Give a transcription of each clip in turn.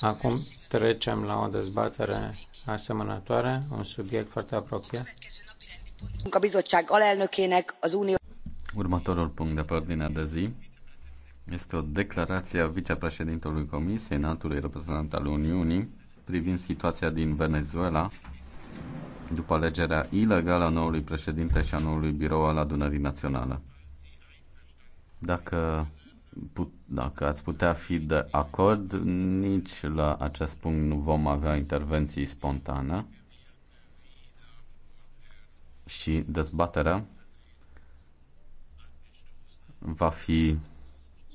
Acum trecem la o dezbatere asemănătoare, un subiect foarte apropiat. Următorul punct de pe ordinea de zi este o declarație a vicepreședintelui Comisiei, naturii reprezentant al Uniunii, privind situația din Venezuela după alegerea ilegală a noului președinte și a noului birou al adunării naționale. Dacă put, dacă ați putea fi de acord, nici la acest punct nu vom avea intervenții spontane și dezbaterea va fi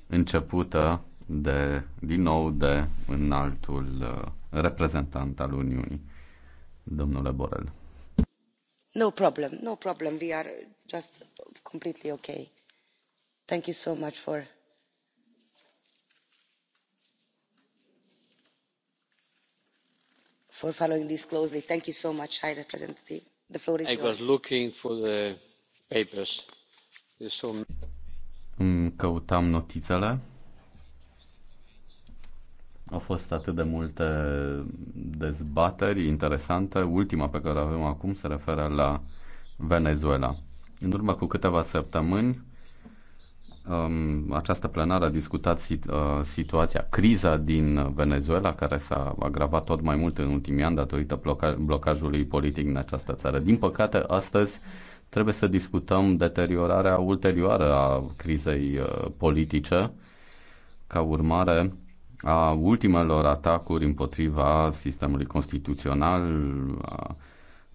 începută de, din nou de înaltul uh, reprezentant al Uniunii, domnule Borel. No problem, no problem. We are just completely okay. Thank you so much for for following this closely. thank you so much high representative. the floor is yours. Căutam notițele. Au fost atât de multe dezbateri interesante. Ultima pe care o avem acum se referă la Venezuela. În urmă cu câteva săptămâni, um, această plenară a discutat sit, uh, situația, criza din Venezuela, care s-a agravat tot mai mult în ultimii ani datorită bloca- blocajului politic în această țară. Din păcate, astăzi trebuie să discutăm deteriorarea ulterioară a crizei uh, politice ca urmare a ultimelor atacuri împotriva sistemului constituțional a,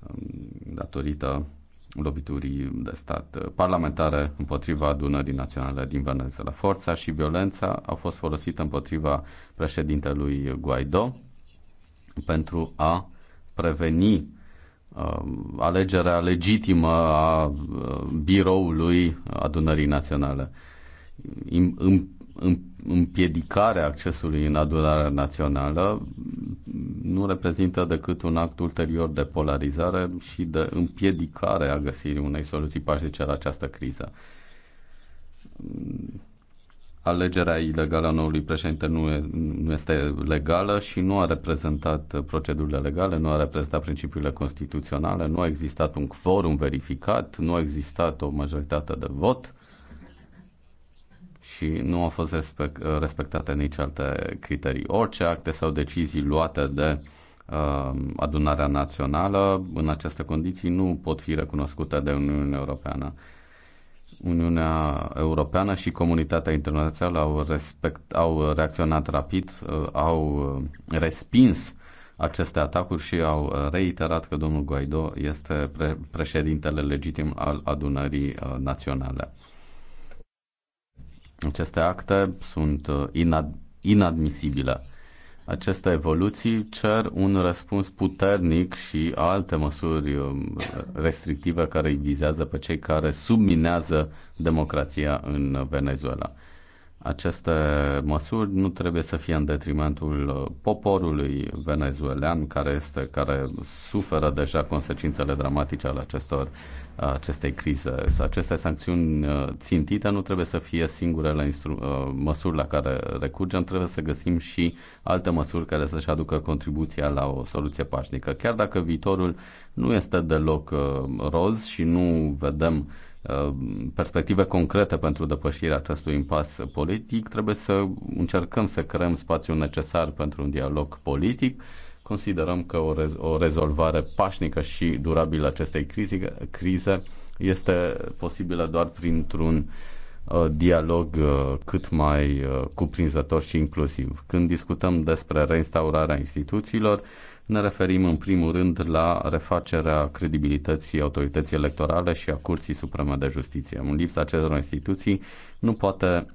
um, datorită loviturii de stat parlamentare împotriva adunării naționale din Venezuela. Forța și violența au fost folosite împotriva președintelui Guaido pentru a preveni uh, alegerea legitimă a uh, biroului adunării naționale împiedicarea accesului în adunarea națională nu reprezintă decât un act ulterior de polarizare și de împiedicare a găsirii unei soluții pașnice la această criză. Alegerea ilegală a noului președinte nu, e, nu este legală și nu a reprezentat procedurile legale, nu a reprezentat principiile constituționale, nu a existat un quorum verificat, nu a existat o majoritate de vot și nu au fost respect, respectate nici alte criterii. Orice acte sau decizii luate de uh, adunarea națională în aceste condiții nu pot fi recunoscute de Uniunea Europeană. Uniunea Europeană și comunitatea internațională au, respect, au reacționat rapid, uh, au respins aceste atacuri și au reiterat că domnul Guaido este pre- președintele legitim al adunării uh, naționale. Aceste acte sunt uh, inad- inadmisibile. Aceste evoluții cer un răspuns puternic și alte măsuri um, restrictive care îi vizează pe cei care subminează democrația în Venezuela. Aceste măsuri nu trebuie să fie în detrimentul uh, poporului venezuelan care este care suferă deja consecințele dramatice ale acestor uh, acestei crize. Aceste sancțiuni uh, țintite nu trebuie să fie singurele instru- măsuri la care recurgem, trebuie să găsim și alte măsuri care să-și aducă contribuția la o soluție pașnică. Chiar dacă viitorul nu este deloc roz și nu vedem Uh, perspective concrete pentru depășirea acestui impas politic, trebuie să încercăm să creăm spațiul necesar pentru un dialog politic. Considerăm că o, rez- o rezolvare pașnică și durabilă acestei crize, crize este posibilă doar printr-un uh, dialog uh, cât mai cuprinzător și inclusiv. Când discutăm despre reinstaurarea instituțiilor, ne referim în primul rând la refacerea credibilității autorității electorale și a Curții Supreme de Justiție. În lipsa acestor instituții nu, poate,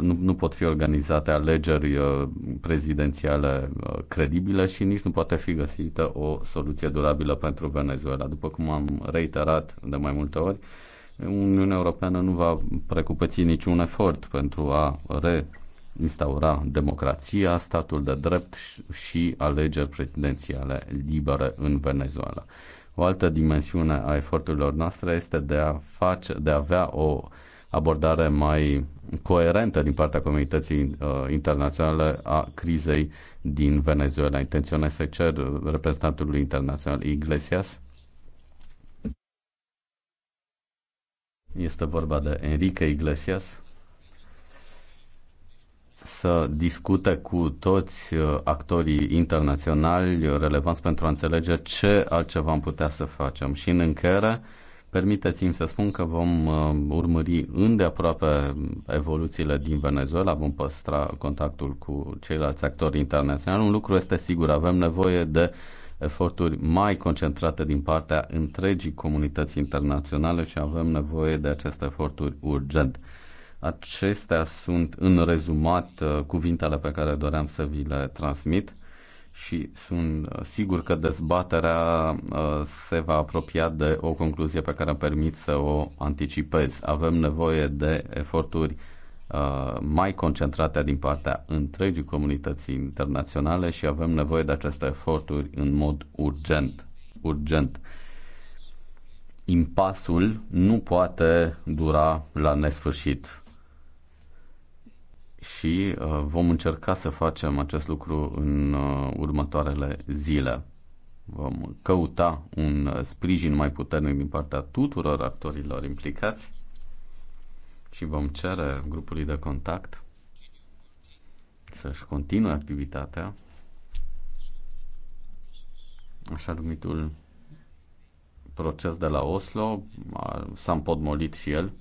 nu, nu pot fi organizate alegeri uh, prezidențiale uh, credibile și nici nu poate fi găsită o soluție durabilă pentru Venezuela. După cum am reiterat de mai multe ori, Uniunea Europeană nu va precupăți niciun efort pentru a re instaura democrația, statul de drept și alegeri prezidențiale libere în Venezuela. O altă dimensiune a eforturilor noastre este de a, face, de a avea o abordare mai coerentă din partea comunității uh, internaționale a crizei din Venezuela. Intenționez să cer reprezentantului internațional Iglesias. Este vorba de Enrique Iglesias, să discute cu toți uh, actorii internaționali relevanți pentru a înțelege ce altceva am putea să facem. Și în încheiere, permiteți-mi să spun că vom uh, urmări îndeaproape evoluțiile din Venezuela, vom păstra contactul cu ceilalți actori internaționali. Un lucru este sigur, avem nevoie de eforturi mai concentrate din partea întregii comunități internaționale și avem nevoie de aceste eforturi urgent. Acestea sunt în rezumat uh, cuvintele pe care doream să vi le transmit și sunt uh, sigur că dezbaterea uh, se va apropia de o concluzie pe care îmi permit să o anticipez. Avem nevoie de eforturi mai concentrate din partea întregii comunității internaționale și avem nevoie de aceste eforturi în mod urgent. Urgent. Impasul nu poate dura la nesfârșit și uh, vom încerca să facem acest lucru în uh, următoarele zile. Vom căuta un uh, sprijin mai puternic din partea tuturor actorilor implicați și vom cere grupului de contact să-și continue activitatea așa numitul proces de la Oslo, s-a împodmolit și el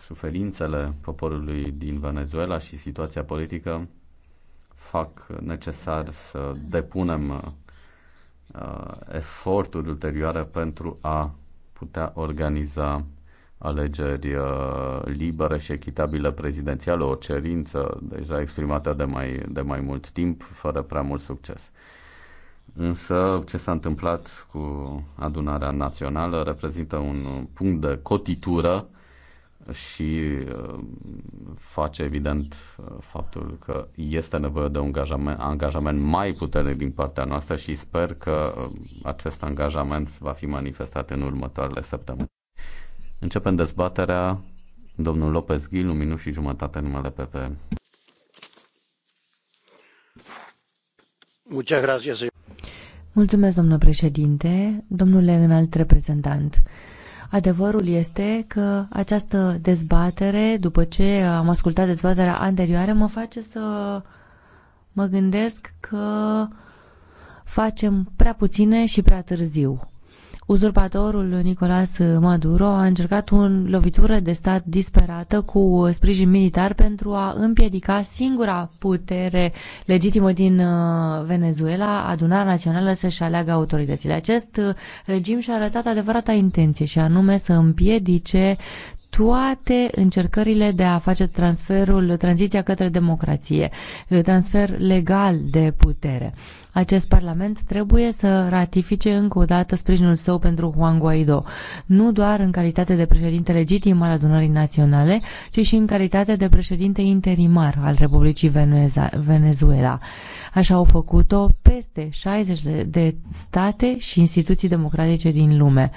suferințele poporului din Venezuela și situația politică fac necesar să depunem uh, eforturi ulterioare pentru a putea organiza alegeri uh, libere și echitabile prezidențiale, o cerință deja exprimată de mai, de mai mult timp, fără prea mult succes. Însă ce s-a întâmplat cu adunarea națională reprezintă un punct de cotitură și uh, face evident uh, faptul că este nevoie de un angajament, angajament mai puternic din partea noastră și sper că uh, acest angajament va fi manifestat în următoarele săptămâni. Începem dezbaterea. Domnul Lopez Ghil, un minut și jumătate numele PP. Mulțumesc, domnule președinte, domnule înalt reprezentant. Adevărul este că această dezbatere, după ce am ascultat dezbaterea anterioară, mă face să mă gândesc că facem prea puține și prea târziu. Uzurpatorul Nicolas Maduro a încercat o lovitură de stat disperată cu sprijin militar pentru a împiedica singura putere legitimă din uh, Venezuela, adunarea națională, să-și aleagă autoritățile. Acest uh, regim și-a arătat adevărata intenție și anume să împiedice toate încercările de a face transferul, tranziția către democrație, transfer legal de putere. Acest Parlament trebuie să ratifice încă o dată sprijinul său pentru Juan Guaido, nu doar în calitate de președinte legitim al adunării naționale, ci și în calitate de președinte interimar al Republicii Venezuela. Așa au făcut-o peste 60 de state și instituții democratice din lume.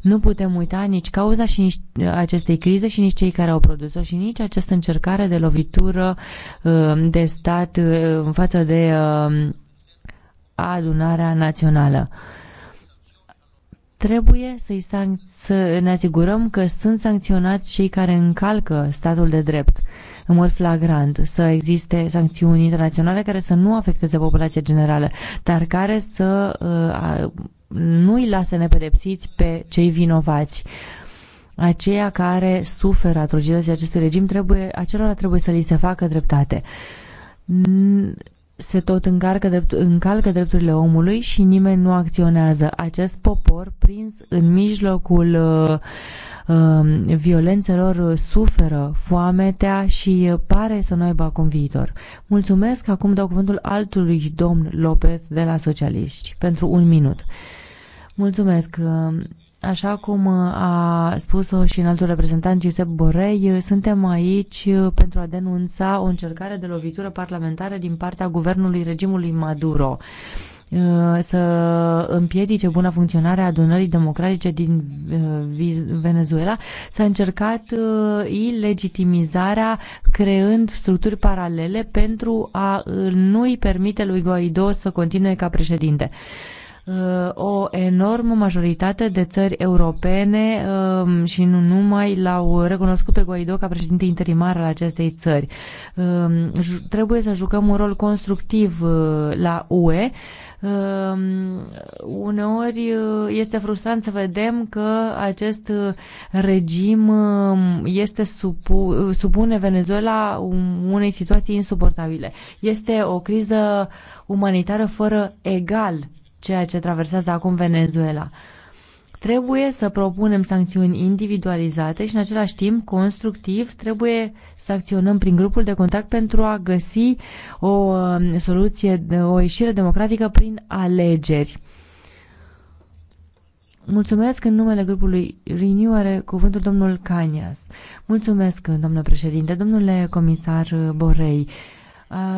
Nu putem uita nici cauza și nici acestei crize și nici cei care au produs-o și nici această încercare de lovitură uh, de stat uh, în față de uh, adunarea națională. Trebuie să să ne asigurăm că sunt sancționați cei care încalcă statul de drept în mod flagrant, să existe sancțiuni internaționale care să nu afecteze populația generală, dar care să uh, nu îi lase nepedepsiți pe cei vinovați. Aceia care suferă atrocitățile acestui regim, trebuie, acelora trebuie să li se facă dreptate se tot încarcă drept, încalcă drepturile omului și nimeni nu acționează. Acest popor prins în mijlocul uh, uh, violențelor suferă foametea și pare să nu aibă acum viitor. Mulțumesc, acum dau cuvântul altului domn Lopez de la Socialiști pentru un minut. Mulțumesc. Așa cum uh, a spus-o și în altul reprezentant Giuseppe Borei, suntem aici uh, pentru a denunța o încercare de lovitură parlamentară din partea guvernului regimului Maduro uh, să împiedice buna funcționare a adunării democratice din Venezuela, s-a încercat ilegitimizarea creând structuri paralele pentru a nu-i permite lui Guaido să continue ca președinte. Uh, o enormă majoritate de țări europene um, și nu numai l-au recunoscut pe Guaido ca președinte interimar al acestei țări. Um, trebuie să jucăm un rol constructiv uh, la UE. Um, uneori uh, este frustrant să vedem că acest regim este supune Venezuela unei situații insuportabile. Este o criză umanitară fără egal ceea ce traversează acum Venezuela. Trebuie să propunem sancțiuni individualizate și în același timp, constructiv, trebuie să acționăm prin grupul de contact pentru a găsi o um, soluție, o ieșire democratică prin alegeri. Mulțumesc în numele grupului Renew are cuvântul domnul Canias. Mulțumesc, domnule președinte, domnule comisar Borei.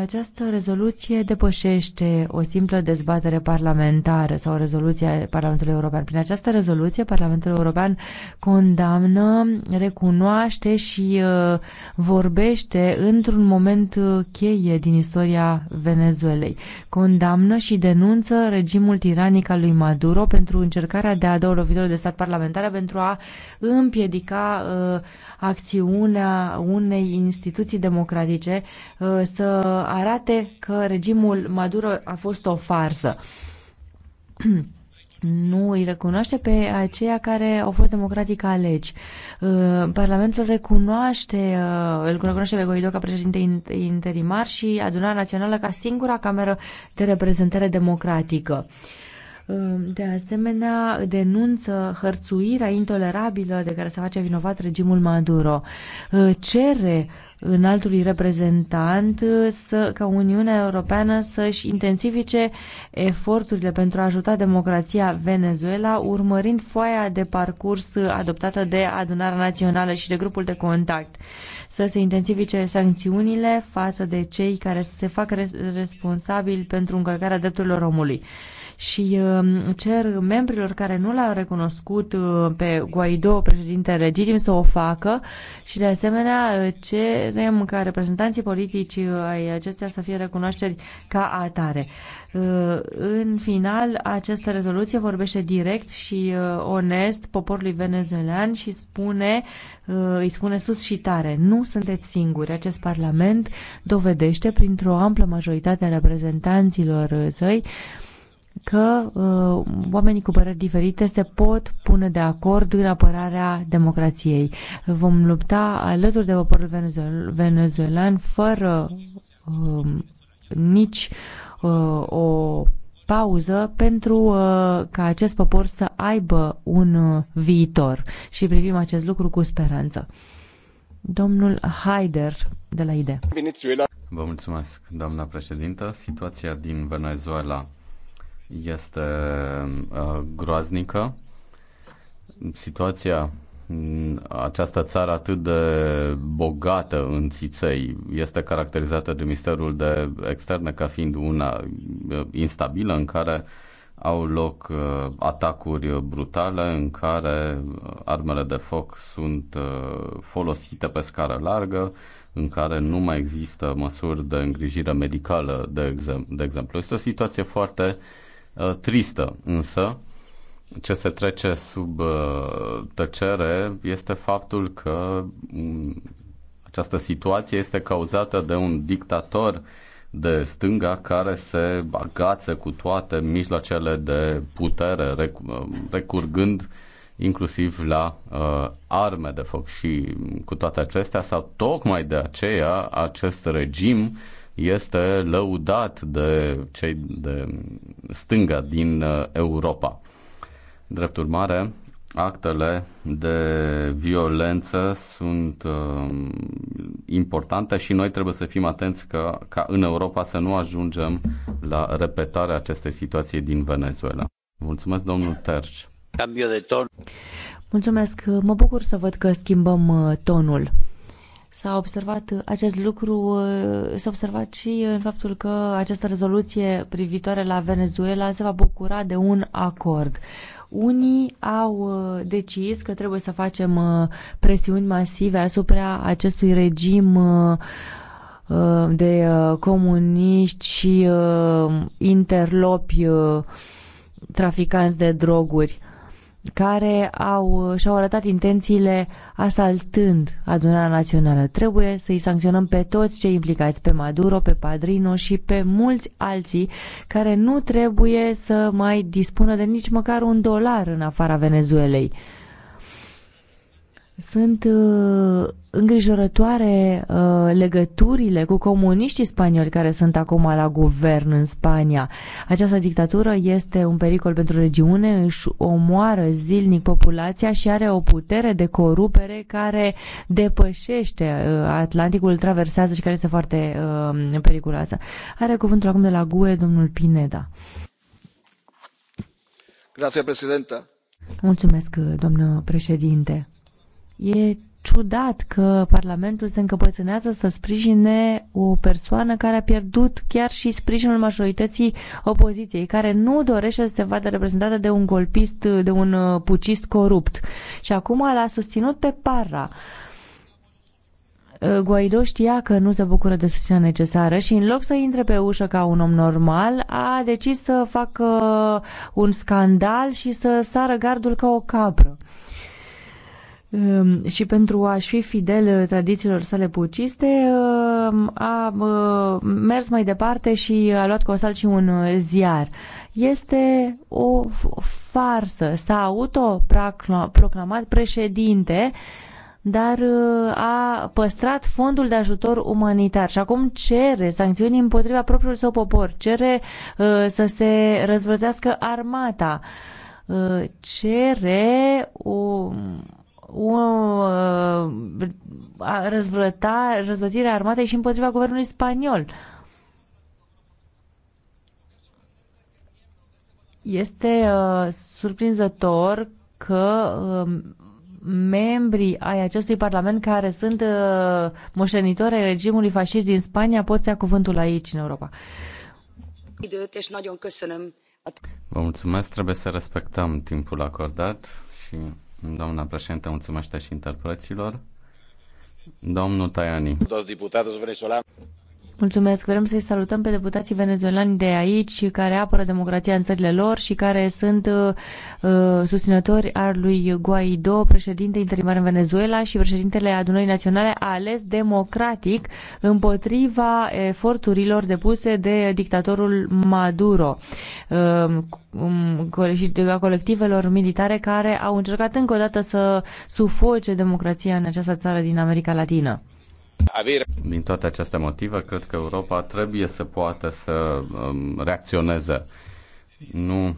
Această rezoluție depășește o simplă dezbatere parlamentară sau rezoluția Parlamentului European. Prin această rezoluție, Parlamentul European condamnă, recunoaște și uh, vorbește într-un moment uh, cheie din istoria Venezuelei. Condamnă și denunță regimul tiranic al lui Maduro pentru încercarea de a da o lovitură de stat parlamentară pentru a împiedica uh, acțiunea unei instituții democratice să arate că regimul Maduro a fost o farsă. nu îi recunoaște pe aceia care au fost democratic aleși. Uh, Parlamentul recunoaște, uh, îl recunoaște pe Guaido ca președinte interimar și adunarea națională ca singura cameră de reprezentare democratică. Ehm, de asemenea, denunță hărțuirea intolerabilă de care se face vinovat regimul Maduro. Ehm, cere înaltului reprezentant ehm, să, ca Uniunea Europeană să-și intensifice eforturile pentru a ajuta democrația Venezuela, urmărind foaia de parcurs adoptată de Adunarea Națională și de grupul de contact, să se intensifice sancțiunile față de cei care se fac responsabili pentru încălcarea drepturilor omului și um, cer membrilor care nu l-au recunoscut uh, pe Guaido, președinte legitim, să o facă și de asemenea uh, cerem ca reprezentanții politici uh, ai acestea să fie recunoașteri ca atare. În final, această rezoluție vorbește direct și onest poporului venezuelan și spune, îi spune sus și tare, nu sunteți singuri. Acest parlament dovedește printr-o amplă majoritate a reprezentanților săi că uh, oamenii cu păreri diferite se pot pune de acord în apărarea democrației. Vom lupta alături de poporul venezuelan fără uh, nici uh, o pauză pentru uh, ca acest popor să aibă un uh, viitor și privim acest lucru cu speranță. Domnul Haider de la IDE. Vă mulțumesc, doamna președintă. Situația din Venezuela este uh, groaznică. Situația această țară atât de bogată în țiței este caracterizată de misterul de externe ca fiind una uh, instabilă în care au loc uh, atacuri brutale în care armele de foc sunt folosite pe scară largă, în care nu mai există măsuri de îngrijire medicală, de, exemplu. Este o situație foarte uh, Uh, tristă, însă ce se trece sub uh, tăcere este faptul că mm, această situație este cauzată de un dictator de stânga care se agață cu toate mijloacele de putere, uh, recurgând inclusiv la uh, arme de foc și mm, cu toate acestea sau tocmai de aceea acest regim uh, este lăudat de cei de stânga din uh, Europa. Drept urmare, actele de violență sunt uh, importante și noi trebuie să fim atenți că, ca în Europa să nu ajungem la repetarea acestei situații din Venezuela. Mulțumesc, domnul Terci. Cambio de ton. Mulțumesc. Mă bucur să văd că schimbăm uh, tonul. S-a observat acest lucru, uh, s-a observat și în faptul că această rezoluție privitoare la Venezuela se va bucura de un acord. Unii au uh, decis că trebuie să facem uh, presiuni masive asupra acestui regim de comuniști și interlopi traficanți de droguri care au, și-au arătat intențiile asaltând adunarea națională. Trebuie să-i sancționăm pe toți cei implicați, pe Maduro, pe Padrino și pe mulți alții care nu trebuie să mai dispună de nici măcar un dolar în afara Venezuelei. Sunt uh, îngrijorătoare uh, legăturile cu comuniștii spanioli care sunt acum la guvern în Spania. Această dictatură este un pericol pentru regiune, își omoară zilnic populația și are o putere de corupere care depășește uh, Atlanticul, traversează și care este foarte uh, periculoasă. Are cuvântul acum de la GUE domnul Pineda. Grazie, Mulțumesc, uh, domnul președinte. E ciudat că Parlamentul se încăpățânează să sprijine o persoană care a pierdut chiar și sprijinul majorității opoziției, care nu dorește să se vadă reprezentată de un golpist, de un uh, pucist corupt. Și acum l-a susținut pe Parra. Uh, Guaido știa că nu se bucură de susținerea necesară și în loc să intre pe ușă ca un om normal, a decis să facă uh, un scandal și să sară gardul ca o capră. Ehm, și pentru a-și fi fidel uh, tradițiilor sale puciste, ehm, a uh, mers mai departe și a luat cu și un uh, ziar. Este o farsă. S-a autoproclamat președinte, dar a păstrat fondul de ajutor umanitar și acum cere sancțiuni împotriva propriului său popor, cere să se răzvrătească armata, cere o o uh, răzvrăta, răzvrătire a armatei și împotriva guvernului spaniol. Este uh, surprinzător că uh, membrii ai acestui parlament care sunt uh, moștenitori ai regimului fascist din Spania pot să ia cuvântul aici, în Europa. Vă mulțumesc, trebuie să respectăm timpul acordat și Doamna președinte, mulțumesc și interpreților. Domnul Tajani. Dos diputados venezolanos. Mulțumesc. Vrem să-i salutăm pe deputații venezuelani de aici care apără democrația în țările lor și care sunt uh, uh, susținători al lui Guaido, președinte interimar în Venezuela și președintele Adunării Naționale a ales democratic împotriva eforturilor depuse de dictatorul Maduro uh, um, și a colectivelor militare care au încercat încă o dată să sufoce democrația în această țară din America Latină. Din toate aceste motive, cred că Europa trebuie să poată să um, reacționeze. Nu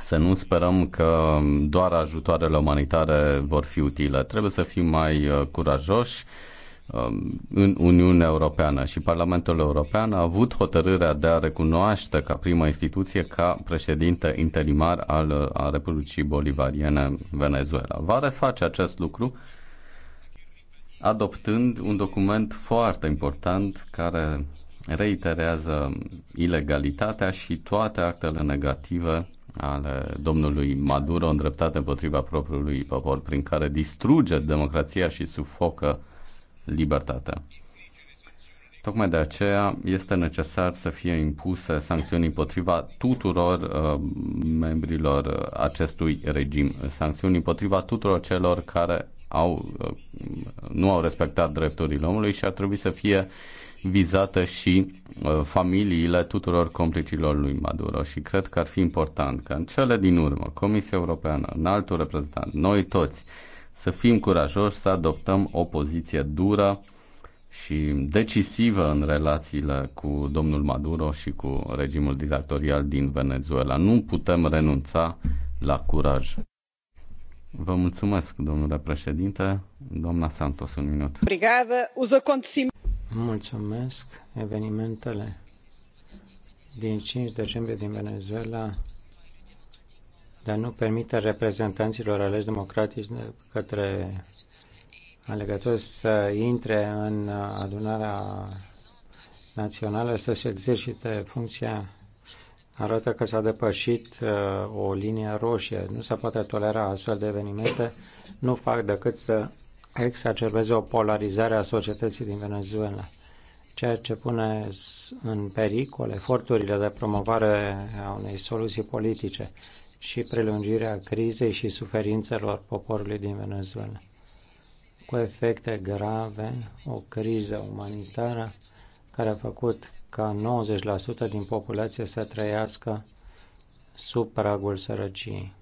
să nu sperăm că doar ajutoarele umanitare vor fi utile. Trebuie să fim mai uh, curajoși um, în Uniunea Europeană și Parlamentul European a avut hotărârea de a recunoaște ca prima instituție ca președinte interimar al uh, a Republicii Bolivariene Venezuela. Va reface acest lucru adoptând un document foarte important care reiterează ilegalitatea și toate actele negative ale domnului Maduro îndreptate împotriva propriului popor, prin care distruge democrația și sufocă libertatea. Tocmai de aceea este necesar să fie impuse sancțiuni împotriva tuturor uh, membrilor acestui regim, sancțiuni împotriva tuturor celor care au, uh, nu au respectat drepturile omului și ar trebui să fie vizată și uh, familiile tuturor complicilor lui Maduro și cred că ar fi important ca în cele din urmă Comisia Europeană, în altul reprezentant, noi toți să fim curajoși să adoptăm o poziție dură și decisivă în relațiile cu domnul Maduro și cu regimul dictatorial din Venezuela. Nu putem renunța la curaj. Vă mulțumesc, domnule președinte. Doamna Santos, un minut. Mulțumesc. Evenimentele din 5 decembrie din Venezuela de a nu permite reprezentanților aleși democratici către alegători să intre în adunarea națională, să-și exercite funcția arată că s-a depășit uh, o linie roșie. Nu se poate tolera astfel de evenimente. Nu fac decât să exacerbeze o polarizare a societății din Venezuela, ceea ce pune în pericol eforturile de promovare a unei soluții politice și prelungirea crizei și suferințelor poporului din Venezuela. Cu efecte grave, o criză umanitară care a făcut ca 90% din populație să trăiască sub pragul sărăciei.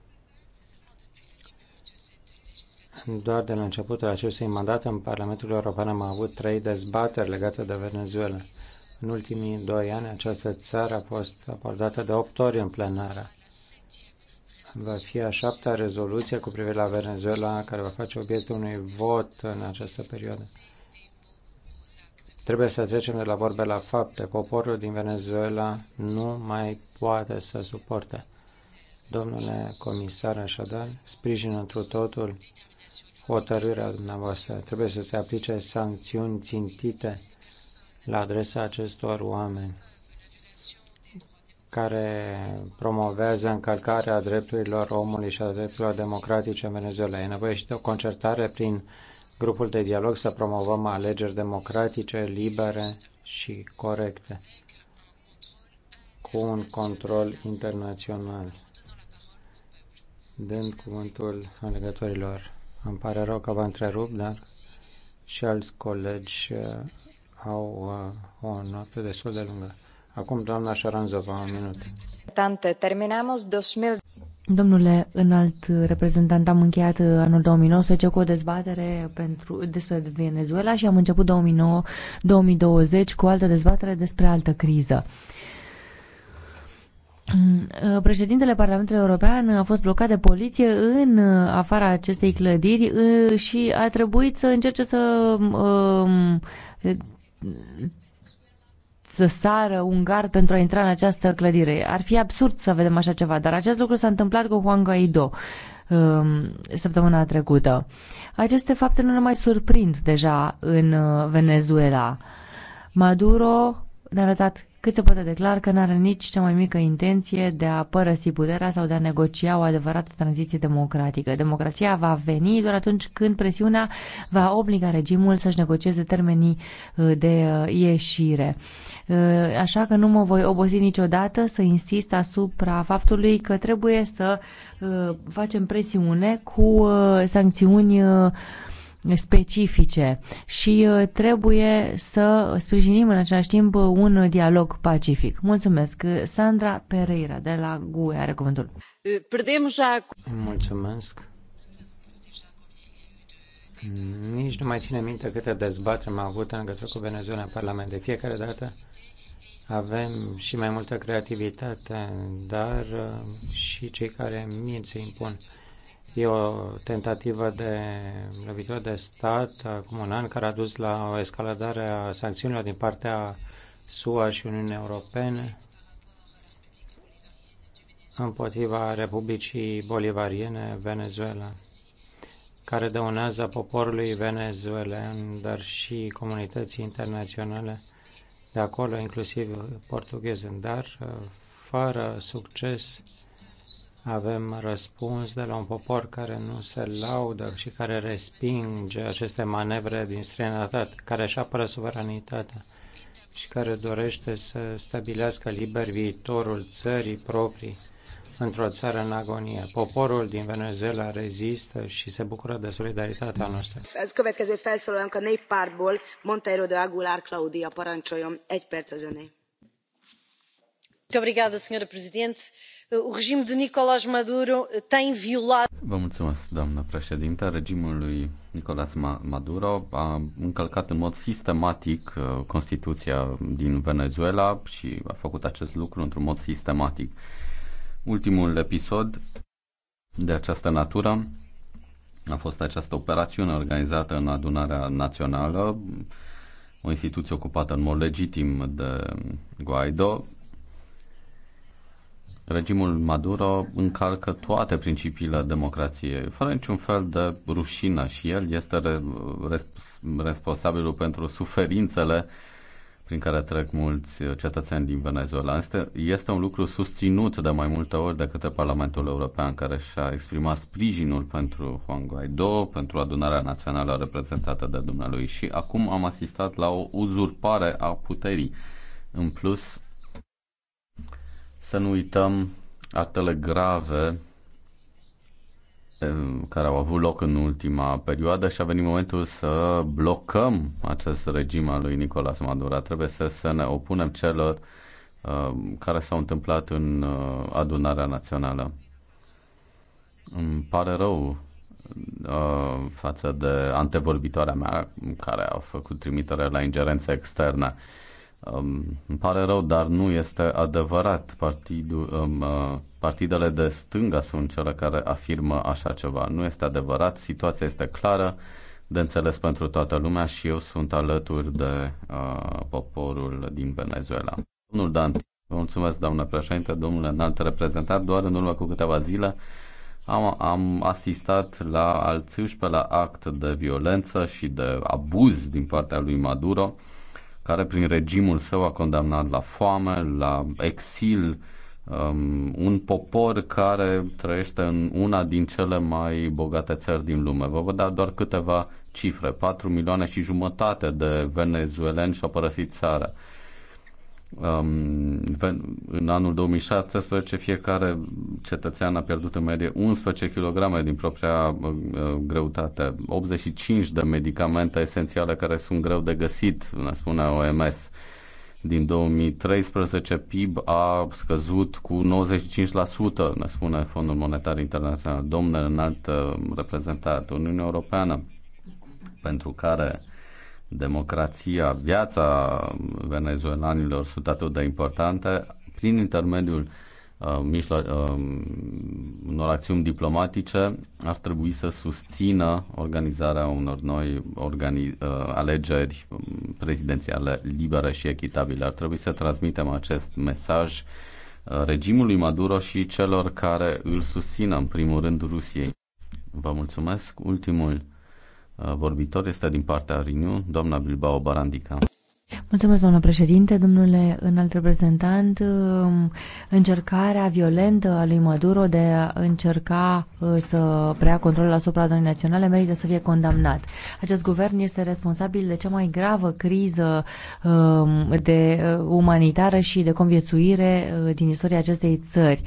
Doar de la începutul acestui mandat în Parlamentul European am avut trei dezbateri legate de Venezuela. În ultimii doi ani, această țară a fost abordată de opt ori în plenară. Va fi a șaptea rezoluție cu privire la Venezuela care va face obiectul unui vot în această perioadă. Trebuie să trecem de la vorbe la fapte. Poporul din Venezuela nu mai poate să suporte. Domnule comisar, așadar, sprijin întru totul hotărârea dumneavoastră. Trebuie să se aplice sancțiuni țintite la adresa acestor oameni care promovează încălcarea drepturilor omului și a drepturilor democratice în Venezuela. E nevoie și de o concertare prin grupul de dialog să promovăm alegeri democratice, libere și corecte, cu un control internațional. Dând cuvântul alegătorilor, îmi pare rău că vă întrerup, dar și alți colegi uh, au uh, o noapte destul de lungă. Acum, doamna Șaranzova, un minut. Terminamos 2000. Domnule înalt reprezentant, am încheiat uh, anul 2019 cu o dezbatere pentru, despre Venezuela și am început 2009-2020 cu o altă dezbatere despre altă criză. Mm, uh, președintele Parlamentului European a fost blocat de poliție în uh, afara acestei clădiri și a trebuit să încerce să um, să sară un gard pentru a intra în această clădire. Ar fi absurd să vedem așa ceva, dar acest lucru s-a întâmplat cu Juan Guaido um, săptămâna trecută. Aceste fapte nu ne mai surprind deja în uh, Venezuela. Maduro ne-a arătat cât se poate declar că n-are nici cea mai mică intenție de a părăsi puterea sau de a negocia o adevărată tranziție democratică. Democrația va veni doar atunci când presiunea va obliga regimul să-și negocieze termenii uh, de uh, ieșire. Uh, așa că nu mă voi obosi niciodată să insist asupra faptului că trebuie să facem presiune cu sancțiuni specifice și uh, trebuie să sprijinim în același timp uh, un dialog pacific. Mulțumesc. Sandra Pereira de la GUE are cuvântul. Perdem ja... Mulțumesc. Nici nu mai ține minte câte dezbatere am avut în legătură cu Venezuela în Parlament. De fiecare dată avem și mai multă creativitate, dar uh, și cei care mint se impun. E o tentativă de lovitură de stat acum un an care a dus la o escaladare a sancțiunilor din partea SUA și Uniunii Europene împotriva Republicii Bolivariene Venezuela, care dăunează poporului venezuelan, dar și comunității internaționale de acolo, inclusiv portughezi, dar fără succes avem răspuns de la un popor care nu se laudă și care respinge aceste manevre din străinătate, care își apără suveranitatea și care dorește să stabilească liber viitorul țării proprii într-o țară în agonie. Poporul din Venezuela rezistă și se bucură de solidaritatea noastră. Ez következő felszólalunk a néppártból, Monteiro de Aguilar Claudia, parancsoljon, egy perc az doamnă președintă regimul lui Nicolás maduro a încălcat în mod sistematic uh, constituția din venezuela și a făcut acest lucru într un mod sistematic. ultimul episod de această natură a fost această operațiune organizată în adunarea națională o instituție ocupată în mod legitim de Guaido, regimul Maduro încalcă toate principiile democrației, fără niciun fel de rușină și el este re- res- responsabilul pentru suferințele prin care trec mulți cetățeni din Venezuela. Este, este un lucru susținut de mai multe ori de către Parlamentul European, care și-a exprimat sprijinul pentru Juan Guaido, pentru adunarea națională reprezentată de dumnealui și acum am asistat la o uzurpare a puterii. În plus, să nu uităm actele grave eh, care au avut loc în ultima perioadă și a venit momentul să blocăm acest regim al lui Nicolas Madura. Trebuie să, să ne opunem celor uh, care s-au întâmplat în uh, adunarea națională. Îmi pare rău uh, față de antevorbitoarea mea care a făcut trimitere la ingerențe externe. Uh, Um, îmi pare rău, dar nu este adevărat. Partidul, um, uh, partidele de stânga sunt cele care afirmă așa ceva. Nu este adevărat, situația este clară, de înțeles pentru toată lumea și eu sunt alături de uh, poporul din Venezuela. Domnul Dante, vă mulțumesc, doamnă președinte, domnule înalt reprezentant, doar în urmă cu câteva zile am, am asistat la al la act de violență și de abuz din partea lui Maduro care prin regimul său a condamnat la foame, la exil, um, un popor care trăiește în una din cele mai bogate țări din lume. Vă văd da doar câteva cifre. 4 milioane și jumătate de venezueleni și-au părăsit țara. Um, în anul 2017 fiecare cetățean a pierdut în medie 11 kg din propria uh, uh, greutate, 85 de medicamente esențiale care sunt greu de găsit, ne spune OMS. Din 2013 PIB a scăzut cu 95%, ne spune Fondul Monetar Internațional. domnul înalt uh, reprezentat, Uniunea Europeană, pentru care democrația, viața venezuelanilor sunt atât de importante prin intermediul uh, mijlo- uh, unor acțiuni diplomatice ar trebui să susțină organizarea unor noi organi- uh, alegeri um, prezidențiale libere și echitabile. Ar trebui să transmitem acest mesaj uh, regimului Maduro și celor care îl susțină, în primul rând Rusiei. Vă mulțumesc. Ultimul Uh, vorbitor este din partea Riniu, doamna Bilbao Barandica. Mulțumesc, doamnă președinte, domnule înalt reprezentant. Um, încercarea violentă a lui Maduro de a încerca uh, să preia controlul asupra adunării naționale merită să fie condamnat. Acest guvern este responsabil de cea mai gravă criză um, de uh, umanitară și de conviețuire din istoria acestei țări.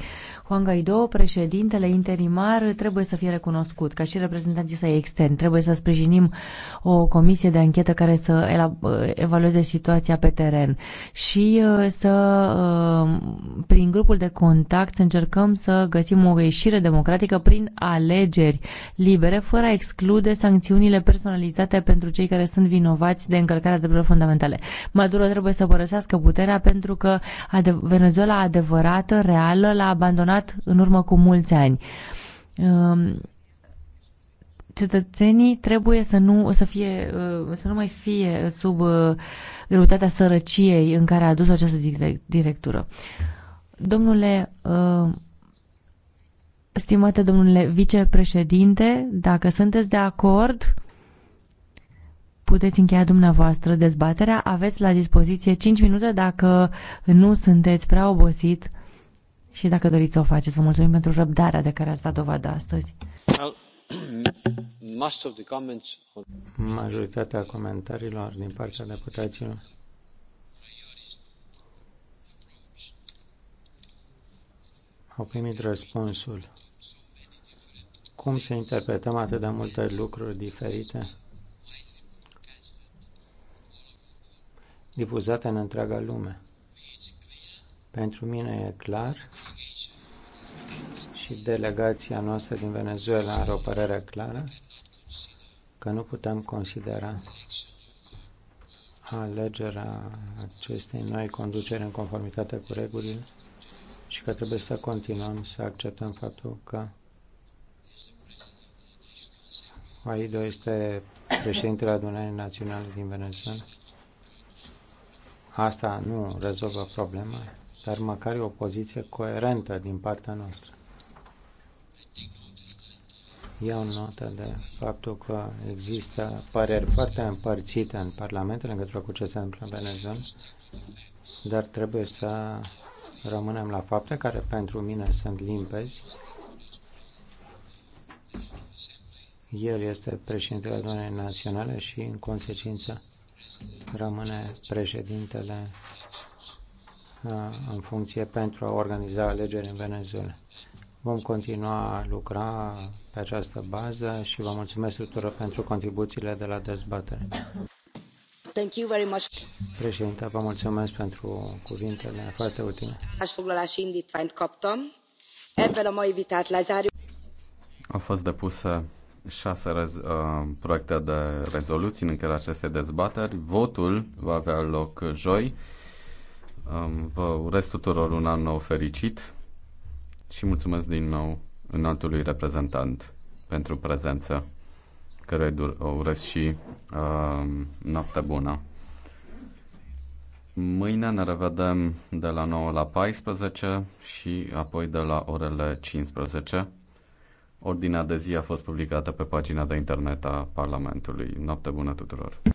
Juan Guaido, președintele interimar, trebuie să fie recunoscut ca și reprezentanții săi externi. Trebuie să sprijinim o comisie de anchetă care să evalueze situația pe teren și uh, să, uh, prin grupul de contact, să încercăm să găsim o ieșire democratică prin alegeri libere, fără a exclude sancțiunile personalizate pentru cei care sunt vinovați de încălcarea drepturilor fundamentale. Maduro trebuie să părăsească puterea pentru că Venezuela adevărată, reală, l-a abandonat semnat în urmă cu mulți ani. Ehm, cetățenii trebuie să nu, să fie, ehm, să nu mai fie sub ehm, greutatea sărăciei în care a adus această directură. Domnule Stimate domnule vicepreședinte, dacă sunteți de acord, puteți încheia dumneavoastră dezbaterea. Aveți la dispoziție 5 minute dacă nu sunteți prea obosit și dacă doriți să o faceți. Vă mulțumim pentru răbdarea de care ați dat dovadă astăzi. Majoritatea comentariilor din partea deputaților au primit răspunsul. Cum să interpretăm atât de multe lucruri diferite difuzate în întreaga lume? Pentru mine e clar și delegația noastră din Venezuela are o părere clară că nu putem considera alegerea acestei noi conduceri în conformitate cu regulile și că trebuie să continuăm să acceptăm faptul că Guaido este președintele adunării naționale din Venezuela. Asta nu rezolvă problema dar măcar e o poziție coerentă din partea noastră. Iau notă de faptul că există păreri foarte împărțite în Parlament în legătură cu ce se întâmplă în Venezuela, dar trebuie să rămânem la fapte care pentru mine sunt limpezi. El este președintele Adunării Naționale și, în consecință, rămâne președintele Uh, în funcție pentru a organiza alegeri în Venezuela. Vom continua a lucra pe această bază și vă mulțumesc tuturor pentru contribuțiile de la dezbatere. Thank you very much. Președinte, vă mulțumesc pentru cuvintele foarte utile. Așfoglalási indítványt kaptam. Ebben a mai la Zariu. Au fost depuse șase rez- uh, proiecte de rezoluții în care aceste dezbateri. Votul va avea loc joi. Vă urez tuturor un an nou fericit și mulțumesc din nou înaltului reprezentant pentru prezență, care o urez și uh, noapte bună. Mâine ne revedem de la 9 la 14 și apoi de la orele 15. Ordinea de zi a fost publicată pe pagina de internet a Parlamentului. Noapte bună tuturor!